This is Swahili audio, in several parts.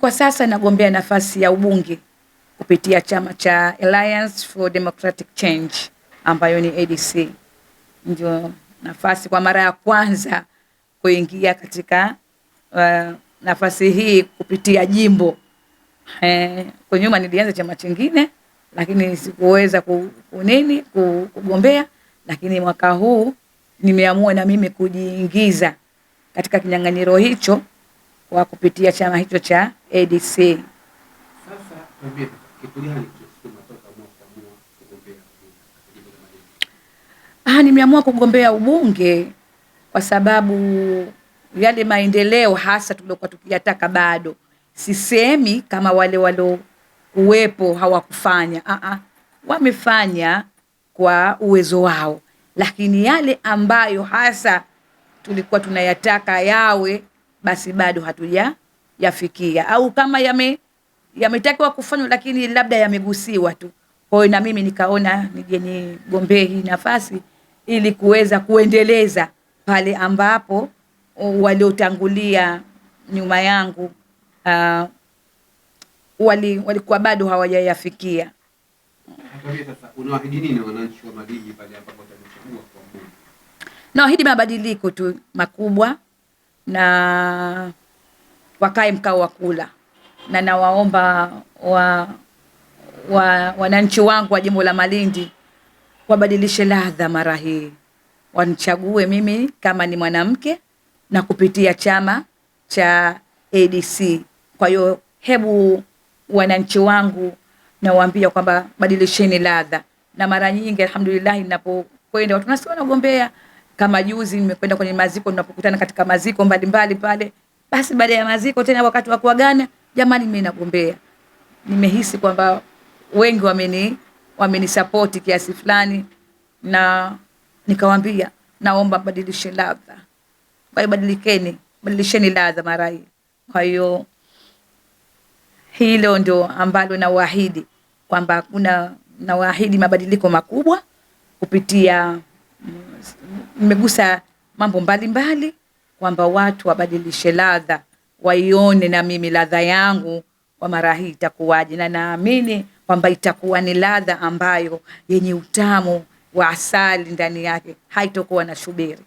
kwa sasa nagombea nafasi ya ubunge kupitia chama cha Alliance for Democratic Change ambayo ni ADC. Ndio nafasi kwa mara ya kwanza kuingia katika uh, nafasi hii kupitia jimbo eh, kwa nyuma nilianza chama chingine lakini sikuweza kunini kugombea, lakini mwaka huu nimeamua na mimi kujiingiza katika kinyang'anyiro hicho wa kupitia chama hicho cha ADC. Ah, nimeamua kugombea ubunge kwa sababu yale maendeleo hasa tuliokuwa tukiyataka bado. Sisemi kama wale waliokuwepo hawakufanya, ah ah, wamefanya kwa uwezo wao, lakini yale ambayo hasa tulikuwa tunayataka yawe basi bado hatuja yafikia au kama yame yametakiwa kufanywa lakini labda yamegusiwa tu. Kwa hiyo na mimi nikaona nije nigombee hii nafasi ili kuweza kuendeleza pale ambapo waliotangulia nyuma yangu uh, wali walikuwa bado hawajayafikia. nawahidi mabadiliko tu makubwa na wakae mkao wa kula, na nawaomba wa, wa, wananchi wangu wa jimbo la Malindi wabadilishe ladha mara hii, wanichague mimi kama ni mwanamke na kupitia chama cha ADC. Kwa hiyo hebu wananchi wangu nawaambia kwamba badilisheni ladha, na mara nyingi alhamdulillah, ninapokwenda watu nasikia wanagombea kama juzi nimekwenda kwenye maziko, tunapokutana katika maziko mbalimbali pale, basi baada ya maziko tena wakati wa kuagana, jamani, mimi nagombea. Nimehisi kwamba wengi wameni wamenisapoti kiasi fulani, na nikawambia naomba badilishe ladha. Kwa hiyo badilikeni, badilisheni ladha mara hii. Kwa hiyo hilo ndio ambalo nawaahidi kwamba kuna nawaahidi mabadiliko makubwa kupitia mmegusa mambo mbalimbali, kwamba watu wabadilishe ladha, waione na mimi ladha yangu kwa mara hii itakuwaje, na naamini kwamba itakuwa ni ladha ambayo yenye utamu wa asali ndani yake, haitokuwa na shubiri.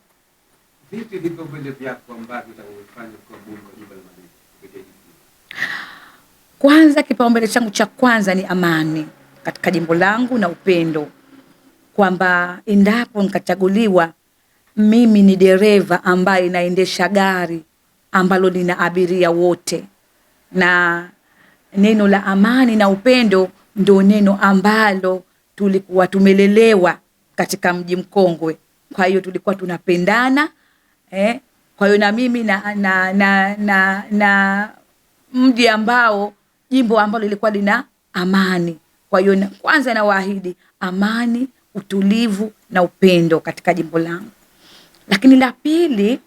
Kwanza, kipaumbele changu cha kwanza ni amani katika jimbo langu na upendo kwamba endapo nikachaguliwa, mimi ni dereva ambaye naendesha gari ambalo lina abiria wote, na neno la amani na upendo ndio neno ambalo tulikuwa tumelelewa katika mji mkongwe. Kwa hiyo tulikuwa tunapendana eh. Kwa hiyo na mimi na, na, na, na, na mji ambao jimbo ambalo lilikuwa lina amani. Kwa hiyo kwanza nawaahidi amani utulivu na upendo katika jimbo langu. Lakini la pili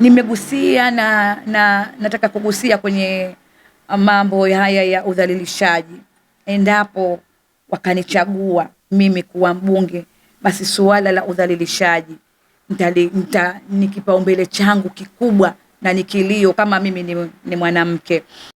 nimegusia na, na nataka kugusia kwenye mambo haya ya udhalilishaji. Endapo wakanichagua mimi kuwa mbunge, basi suala la udhalilishaji nitali, nita, ni kipaumbele changu kikubwa na ni kilio kama mimi ni, ni mwanamke.